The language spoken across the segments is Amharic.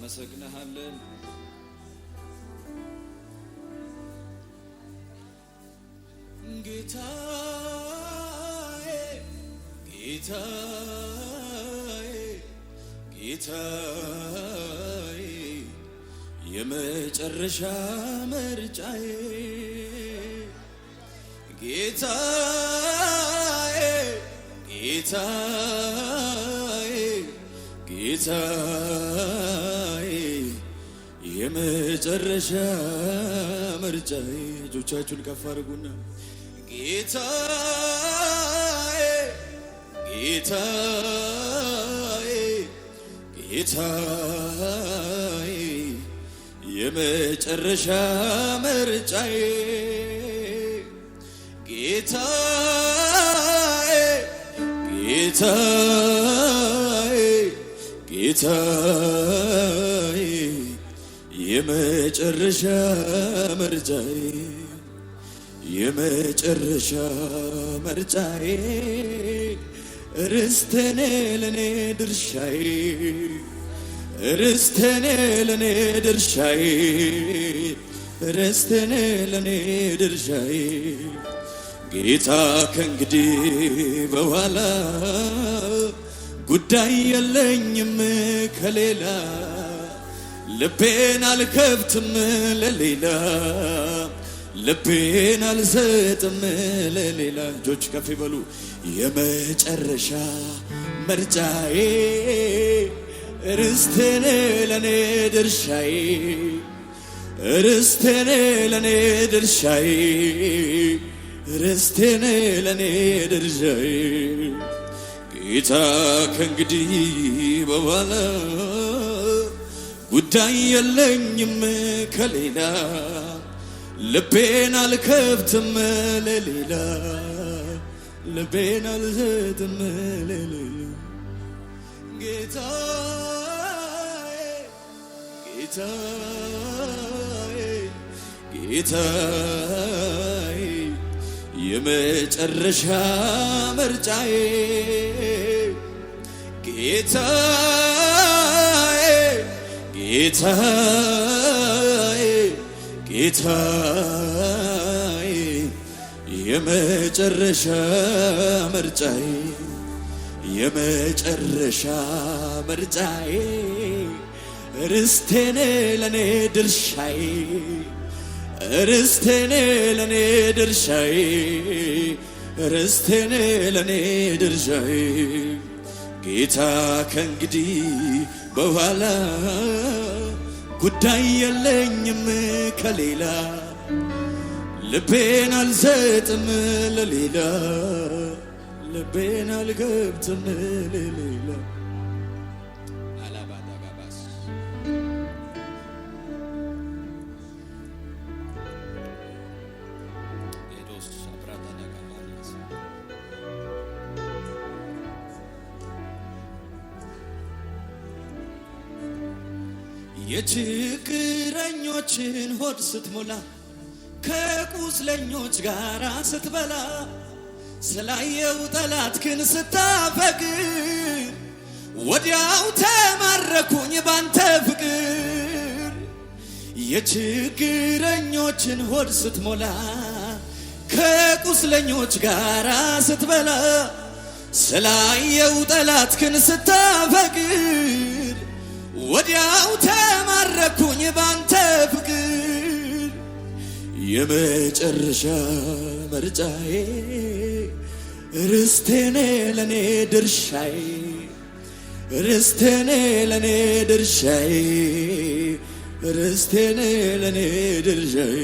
እናመሰግንሃለን። ጌታዬ ጌታዬ ጌታዬ የመጨረሻ ምርጫዬ ጌታዬ ጌታዬ ጌታዬ የመጨረሻ ምርጫ እጆቻችሁን ከፍ አድርጉና ጌታዬ ጌታዬ ጌታዬ የመጨረሻ ምርጫዬ ጌታዬ ጌታዬ ጌታዬ የመጨረሻ መርጫዬ የመጨረሻ መርጫዬ ርስትኔ ለኔ ድርሻዬ ርስትኔ ለኔ ድርሻዬ ርስትኔ ለኔ ድርሻዬ ጌታ ከእንግዲህ በኋላ ጉዳይ የለኝም ከሌላ ልቤን አልከብትም ለሌላ ልቤን አልሰጥም ለሌላ እጆች ከፍ ይበሉ የመጨረሻ ምርጫዬ ርስቴን ለኔ ድርሻዬ ርስቴን ለኔ ድርሻዬ ርስቴን ለኔ ድርሻዬ ጌታ ከእንግዲህ በኋላ ጉዳይ የለኝም ከሌላ ልቤን አልከፍትም ለሌላ ልቤን ለሌላ የመጨረሻ ምርጫዬ ጌታዬ ጌታዬ የመጨረሻ ምርጫዬ የመጨረሻ ምርጫዬ ርስቴኔ ለኔ ድርሻዬ ርስቴኔ ለኔ ድርሻዬ ርስቴኔ ለኔ ድርሻዬ ጌታ ከእንግዲህ በኋላ ጉዳይ የለኝም ከሌላ ልቤን አልሰጥም ለሌላ ልቤን አልገብትም ለሌላ ችግረኞችን ሆድ ስትሞላ ከቁስለኞች ጋር ስትበላ ስላየው ጠላትክን ስታፈግ ወዲያው ተማረኩኝ ባንተ ፍቅር። የችግረኞችን ሆድ ስትሞላ ከቁስለኞች ጋር ስትበላ ስላየው ጠላትክን ስታፈቅር ወዲያው ተማረኩኝ ባንተ ፍቅር የመጨረሻ መርጫዬ ርስቴኔ ለኔ ድርሻዬ ርስቴኔ ለኔ ድርሻዬ ርስቴኔ ለኔ ድርሻዬ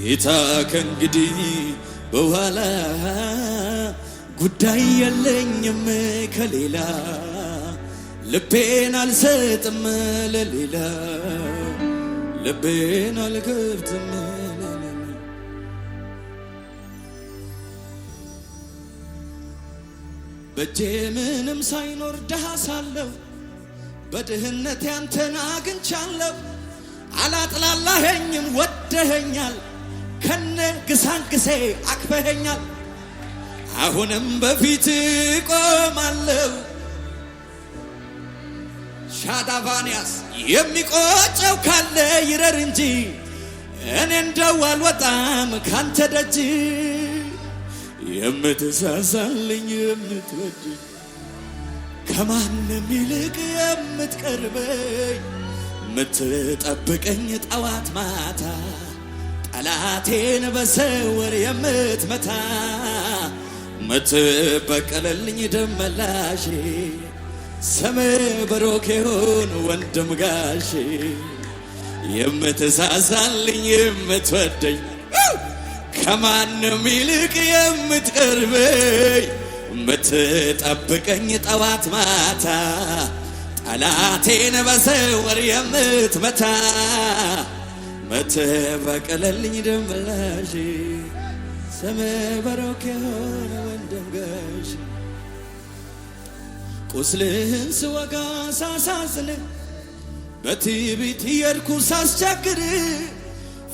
ጌታ ከእንግዲህ በኋላ ጉዳይ የለኝም ከሌላ ልቤን አልሰጥም ለሌላ ልቤን አልገብትም በእጄ ምንም ሳይኖር ደሃ ሳለሁ በድህነት ያንተን አግኝቻለሁ። አላጥላላኸኝም ወደኸኛል፣ ከነ ግሳንግሴ አቅፈኸኛል። አሁንም በፊት ቆማለሁ ሻዳቫንያስ የሚቆጨው ካለ ይረር እንጂ እኔ እንደው አልወጣም ካንተ ደጅ የምትሳሳልኝ የምትወድ ከማንም ይልቅ የምትቀርበኝ የምትጠብቀኝ ጠዋት ማታ ጠላቴን በሰወር የምትመታ የምትበቀለልኝ ደመላሼ ስሜ ብሩክ ይሁን ወንድም ጋሽ የምትሳሳልኝ የምትወደኝ ከማንም ይልቅ የምትቀርበኝ የምትጠብቀኝ ጠዋት ማታ ጠላቴን በሰወር የምትመታ ምትበቀለልኝ ደምላሽ ስሜ ብሩክ ይሁን ወንድም ጋሽ ቁስልህን ስወጋ ሳሳዝን በትዕቢት የርኩ ሳስቸግር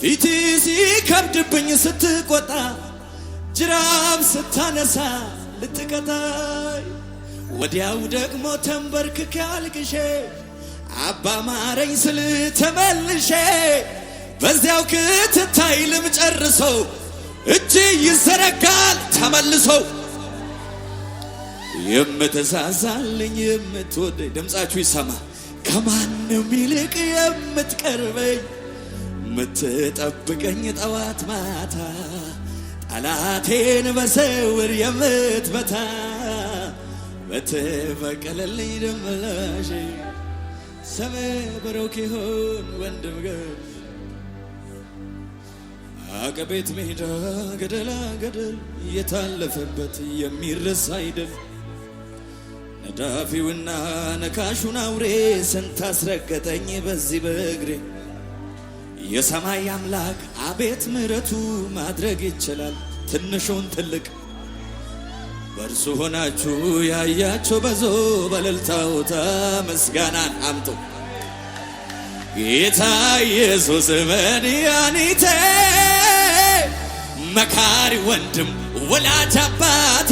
ፊት ሲከብድብኝ ስትቆጣ ጅራብ ስታነሳ ልትቀጣይ ወዲያው ደግሞ ተንበርክኬ አልቅሼ አባ ማረኝ ስል ተመልሼ በዚያው ክትታይ ልም ጨርሰው እጅ ይዘረጋል ተመልሶ የምትሳሳልኝ የምትወደኝ ድምፃችሁ ይሰማ ከማንም ይልቅ የምትቀርበኝ የምትጠብቀኝ ጠዋት ማታ ጠላቴን በስውር የምትመታ በትበቀለልኝ ደመላሽ ሰሜ በሮክ ይሆን ወንድም ገብ አቀቤት ሜዳ ገደላ ገደል የታለፈበት የሚረሳ አይደል ዳፊውና ነካሹን አውሬ ስንት አስረገጠኝ በዚህ በእግሬ። የሰማይ አምላክ አቤት ምሕረቱ ማድረግ ይችላል ትንሹን ትልቅ። በእርሱ ሆናችሁ ያያቸው በዞ በእልልታውታ ምስጋናን አምጡ። ጌታ ኢየሱስ መድኃኒቴ መካሪ ወንድም ወላጅ አባቴ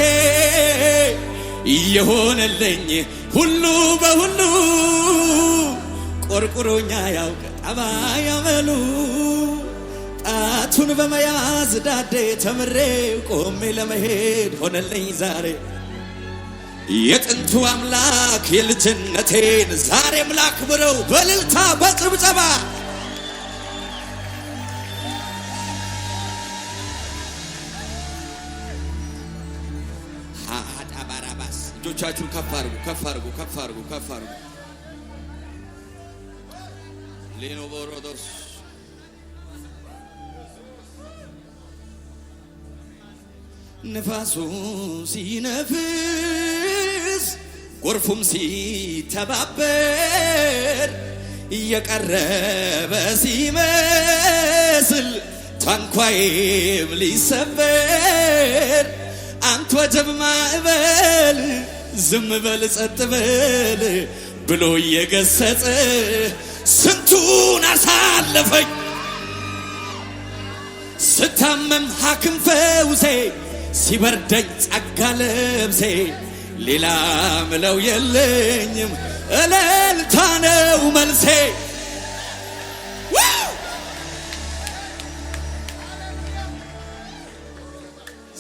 እየሆነልኝ ሁሉ በሁሉ ቆርቁሮኛ ያውቅ ጠባ ያመሉ ጣቱን በመያዝ ዳዴ ተምሬ ቆሜ ለመሄድ ሆነልኝ ዛሬ የጥንቱ አምላክ የልጅነቴን ዛሬም ላክብረው በልልታ በጭብጨባ እጆቻችሁን ከፍ አድርጉ፣ ከፍ አድርጉ፣ ከፍ አድርጉ፣ ከፍ አድርጉ። ሌኖቦሮዶስ ንፋሱ ሲነፍስ ጎርፉም ሲተባበር እየቀረበ ሲመስል ታንኳዬም ሊሰበር አንተ ወጀብ ማዕበል ዝም በል ጸጥ በል ብሎ እየገሰጸ ስንቱን አሳለፈኝ ስታመም ሐኪም ፈውሴ ሲበርደኝ ጸጋ ለብሴ ሌላ ምለው የለኝም እልልታ ነው መልሴ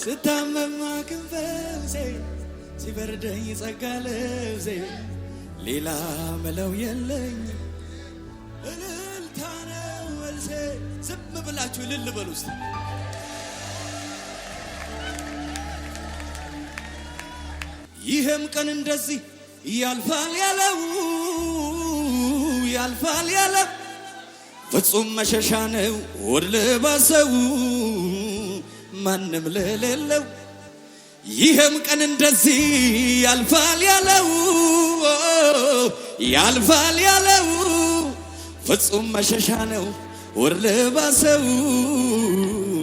ስታመም ሐኪም ፈውሴ ሲበርደኝ ጸጋ ልብዜ ሌላ ምለው የለኝ እልልታ ነው መልሴ። ዝም ብላችሁ እልል በሉ ውስጥ ይህም ቀን እንደዚህ ያልፋል ያለው ያልፋል ያለው ፍጹም መሸሻ ነው ወድ ልባሰው ማንም ለሌለው ይህም ቀን እንደዚህ ያልፋል ያለው ያልፋል ያለው ፍጹም መሸሻ ነው ወር ልባሰው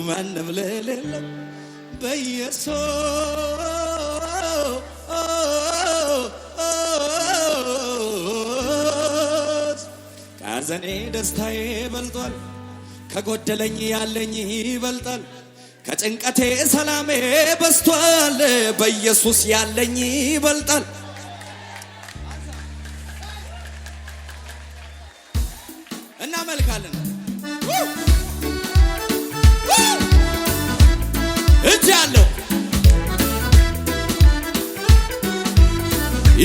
ማንም ለሌለው በየሶ ከዘኔ ደስታዬ ይበልጧል ከጎደለኝ ያለኝ ይበልጣል ከጭንቀቴ ሰላሜ በስቷል። በኢየሱስ ያለኝ ይበልጣል። እናመልካለን። እጅ አለው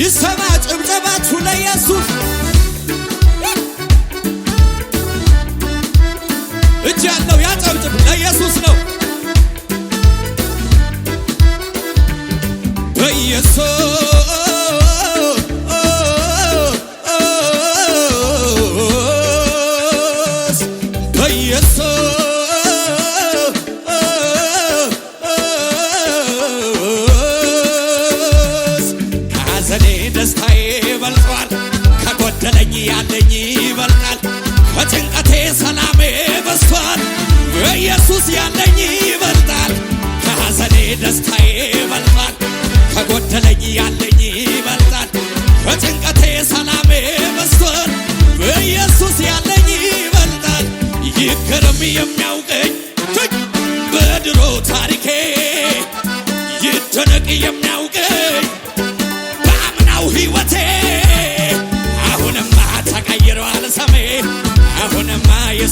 ይሰማ ጭብጨባችሁ ለኢየሱስ እጅ ያለው ያጨብጭብ ለኢየሱስ ነው። your soul.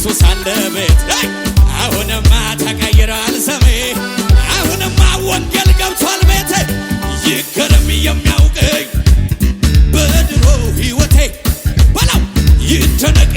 በኢየሱስ አሁንማ ተቀይሯል ስሜ፣ አሁንማ ወንጌል ገብቷል ቤቴ። ይገርም በድሮ ሕይወቴ በላው ይደነቅ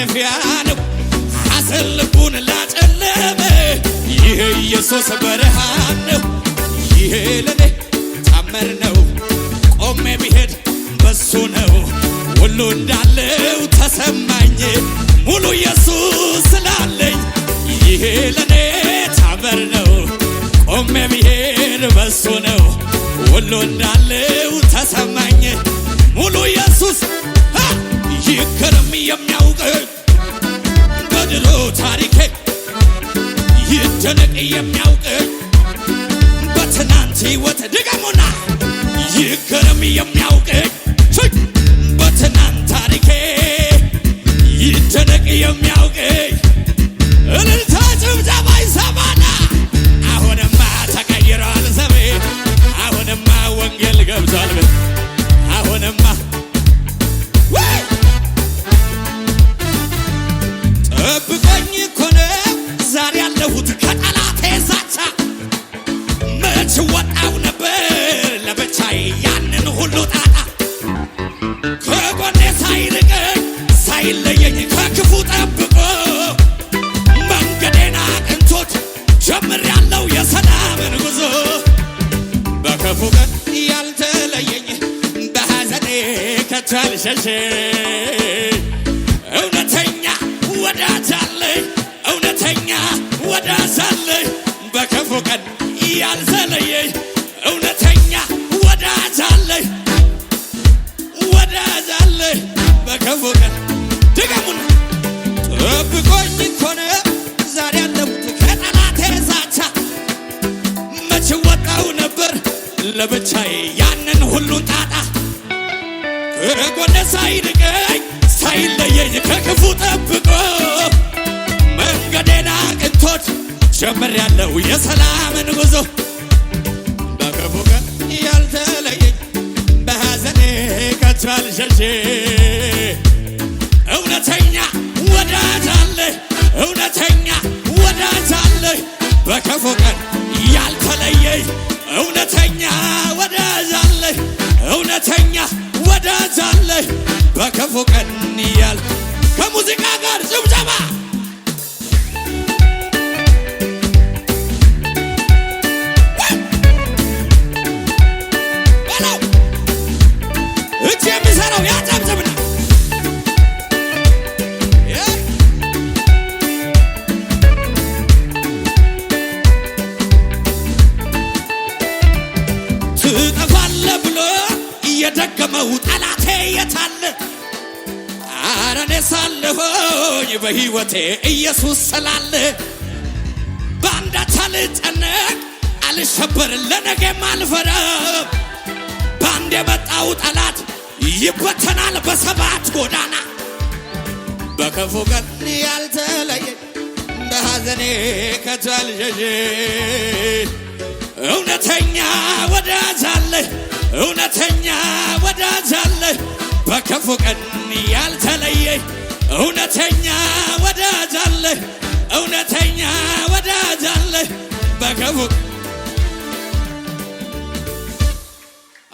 ማረፊያ ነው። ሐዘን ልቡን ላጨለመ ይሄ ኢየሱስ ብርሃን ነው። ይሄ ለኔ ታመር ነው። ቆሜ ብሄድ በሱ ነው ሁሉ እንዳለው ተሰማኝ ሙሉ ኢየሱስ ስላለኝ ይሄ ለኔ ታመር ነው። ቆሜ ብሄድ በሱ ነው ሁሉ እንዳለው ተሰማኝ ሙሉ ኢየሱስ ይገረም የሚያውቅ በድሮ ታሪኬ ይደነቅ የሚያውቅ በትናንት ሕይወት ድገሙና ይገረም የሚያውቅ አልሸሽ እውነተኛ ወዳጅ አለኝ እውነተኛ ወዳጅ አለኝ በክፉ ቀን ያልዘለየኝ እውነተኛ ወዳጅ አለኝ ወዳጅ አለኝ በክፉ ቀን ድገሙን ጠብቆኝ ኮነ ዛሬ አለሁት ከጠላቴ ዛቻ መች ወጣሁ ነበር ለብቻዬ ያንን ሁሉን ጣጣ ጎኔ ሳይንቀኝ ሳይለየኝ ከክፉ ጠብቆ መንገዴን አቅንቶት ጀምሬያለሁ የሰላምን ጉዞ ፎቀን እያል ከሙዚቃ ጋር ጭብጨ በሕይወቴ ኢየሱስ ስላለ በአንዳች አልጨነቅ አልሸበር ለነገም አልፈረም። በአንድ የመጣው ጠላት ይበተናል በሰባት ጎዳና በክፉ ቀን ያልተለየ በሐዘኔ ከቻልሸሽ እውነተኛ ወዳጅ አለ እውነተኛ ወዳጅ አለ በክፉ ቀን ያልተለየ እውነተኛ ወዳጅ አለህ፣ እውነተኛ ወዳጅ አለህ። በክፉ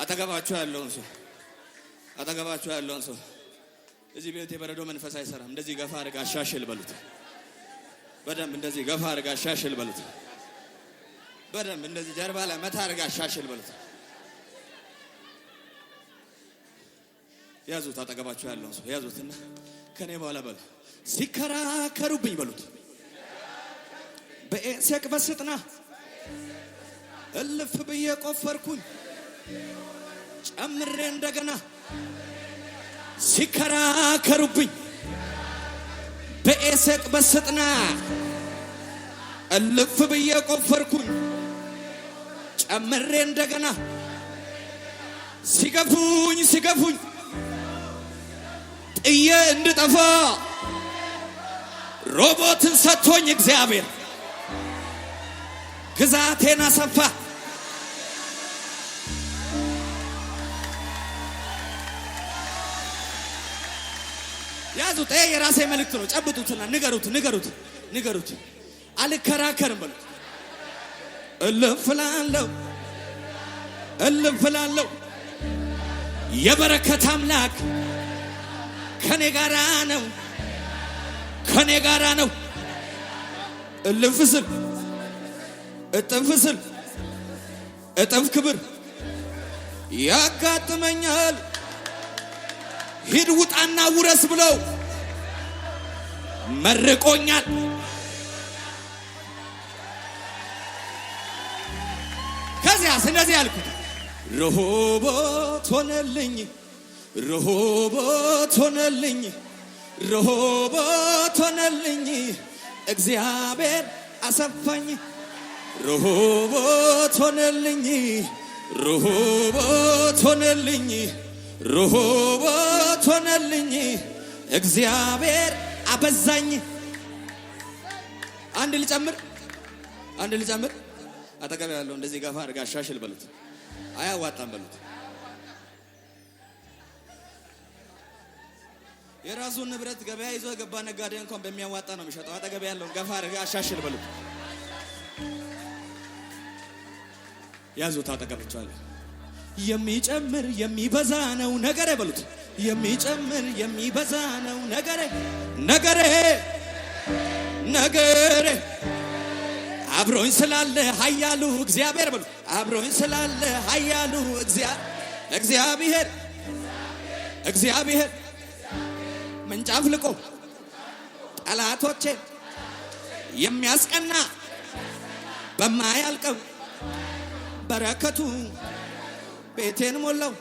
አጠገባችሁ ያለውን ሰው አጠገባችሁ ያለውን ሰው እዚህ ቤት የበረዶ መንፈስ አይሰራም። እንደዚህ ገፋ አድርጋ አሻሽል በሉት። በደንብ እንደዚህ ገፋ አድርጋ አሻሽል በሉት። በደንብ እንደዚህ ጀርባ ላይ መታ አድርጋ አሻሽል በሉት። ያዙት፣ አጠገባችሁ ያለውን ሰው ያዙትና ከኔ በኋላ በሉ ሲከራከሩብኝ በሉት በኤሴቅ በስጥና እልፍ ብዬ ቆፈርኩኝ ጨምሬ እንደገና ሲከራከሩብኝ በኤሴቅ በስጥና እልፍ ብዬ ቆፈርኩኝ ጨምሬ እንደገና ሲገፉኝ ሲገፉኝ ጥዬ እንድጠፋ ሮቦትን ሰጥቶኝ እግዚአብሔር ግዛቴን አሰፋ። ያዙት። የራሴ መልእክት ነው። ጨብጡትና ንገሩት፣ ንገሩት፣ ንገሩት። አልከራከርም በሉት። እልፍላለሁ፣ እልፍላለሁ የበረከት አምላክ ከኔ ጋራ ነው፣ ከኔ ጋራ ነው። እልንፍ ስል እጥንፍ ስል ክብር ያጋጥመኛል። ሂድ ውጣና ውረስ ብለው መርቆኛል። ከዚያስ እንደዚህ ያልኩት ርሆቦት ሆነልኝ ረሆቦት ሆነልኝ፣ ረሆቦት ሆነልኝ፣ እግዚአብሔር አሰፋኝ። ረሆቦት ሆነልኝ፣ ረሆቦት ሆነልኝ፣ ረሆቦት ሆነልኝ፣ እግዚአብሔር አበዛኝ። አንድ ልጨምር፣ አንድ ልጨምር። አጠገብ ያለው እንደዚህ ገፋ አድርጋ አሻሽል በሉት፣ አያዋጣም በሉት የራሱን ንብረት ገበያ ይዞ የገባ ነጋዴ እንኳን በሚያዋጣ ነው የሚሸጠው። አጠገብ ያለውን ገፋ አድርገህ አሻሽል በሉት። ያዙት አጠገብቻለሁ። የሚጨምር የሚበዛ ነው ነገሬ በሉት። የሚጨምር የሚበዛ ነው ነገሬ ነገሬ ነገሬ አብሮኝ ስላለ ኃያሉ እግዚአብሔር በሉት። አብሮኝ ስላለ ኃያሉ እግዚአብሔር እግዚአብሔር እግዚአብሔር ምንጭ አፍልቆ ጠላቶቼ የሚያስቀና በማያልቀው በረከቱ ቤቴን ሞላው።